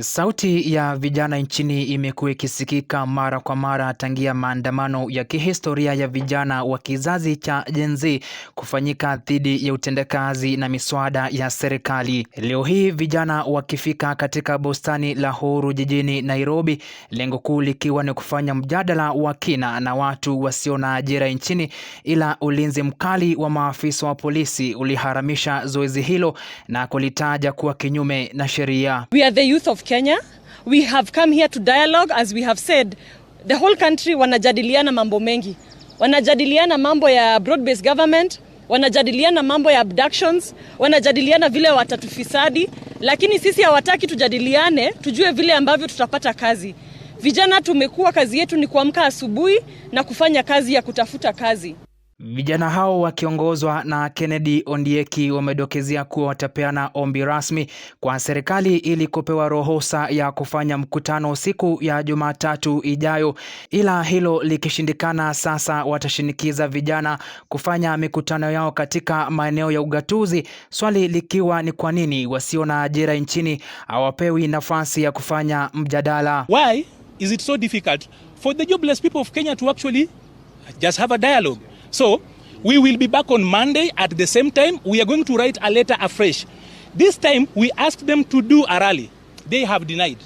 Sauti ya vijana nchini imekuwa ikisikika mara kwa mara tangia maandamano ya kihistoria ya vijana wa kizazi cha Gen Z kufanyika dhidi ya utendakazi na miswada ya serikali. Leo hii vijana wakifika katika bustani la Uhuru jijini Nairobi, lengo kuu likiwa ni kufanya mjadala wa kina na watu wasio na ajira nchini, ila ulinzi mkali wa maafisa wa polisi uliharamisha zoezi hilo na kulitaja kuwa kinyume na sheria. We are the youth of Kenya. We have come here to dialogue as we have said, the whole country wanajadiliana mambo mengi, wanajadiliana mambo ya broad-based government, wanajadiliana mambo ya abductions, wanajadiliana vile watatufisadi, lakini sisi hawataki tujadiliane, tujue vile ambavyo tutapata kazi. Vijana tumekuwa kazi yetu ni kuamka asubuhi na kufanya kazi ya kutafuta kazi. Vijana hao wakiongozwa na Kennedy Ondieki wamedokezea kuwa watapeana ombi rasmi kwa serikali ili kupewa ruhusa ya kufanya mkutano siku ya Jumatatu ijayo, ila hilo likishindikana, sasa watashinikiza vijana kufanya mikutano yao katika maeneo ya ugatuzi, swali likiwa ni kwa nini wasio na ajira nchini hawapewi nafasi ya kufanya mjadala. Why is it so difficult for the jobless people of Kenya to actually just have a dialogue? So we will be back on Monday at the same time. We are going to write a letter afresh. This time we asked them to do a rally. They have denied.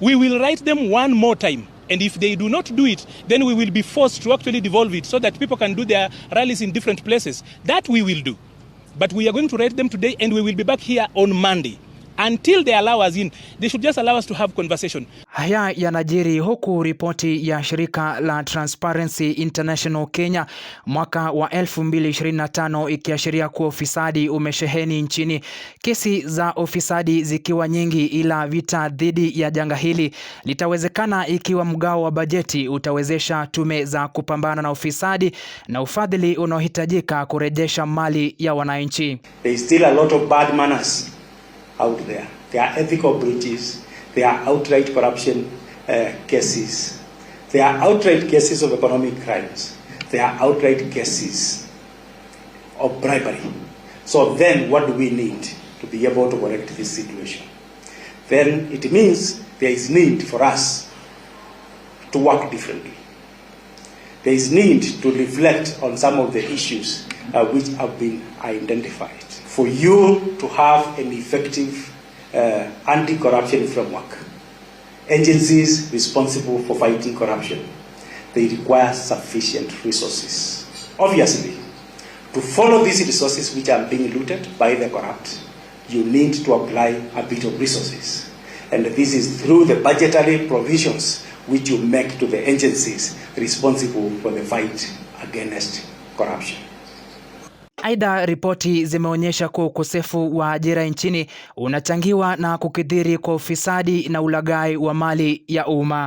We will write them one more time. And if they do not do it, then we will be forced to actually devolve it so that people can do their rallies in different places. That we will do. But we are going to write them today and we will be back here on Monday. Until they allow us in, they should just allow us to have conversation. Haya yanajiri huku ripoti ya shirika la Transparency International Kenya mwaka wa 2025 ikiashiria kuwa ufisadi umesheheni nchini, kesi za ufisadi zikiwa nyingi, ila vita dhidi ya janga hili litawezekana ikiwa mgao wa bajeti utawezesha tume za kupambana na ufisadi na ufadhili unaohitajika kurejesha mali ya wananchi. out there. There are ethical breaches, there are outright corruption uh, cases, there are outright cases of economic crimes, there are outright cases of bribery. So then what do we need to be able to correct this situation? Then it means there is need for us to work differently. There is need to reflect on some of the issues uh, which have been identified for you to have an effective uh, anti-corruption framework. Agencies responsible for fighting corruption, they require sufficient resources. Obviously, to follow these resources which are being looted by the corrupt, you need to apply a bit of resources. And this is through the budgetary provisions which you make to the agencies responsible for the fight against corruption. Aidha, ripoti zimeonyesha kuwa ukosefu wa ajira nchini unachangiwa na kukithiri kwa ufisadi na ulaghai wa mali ya umma.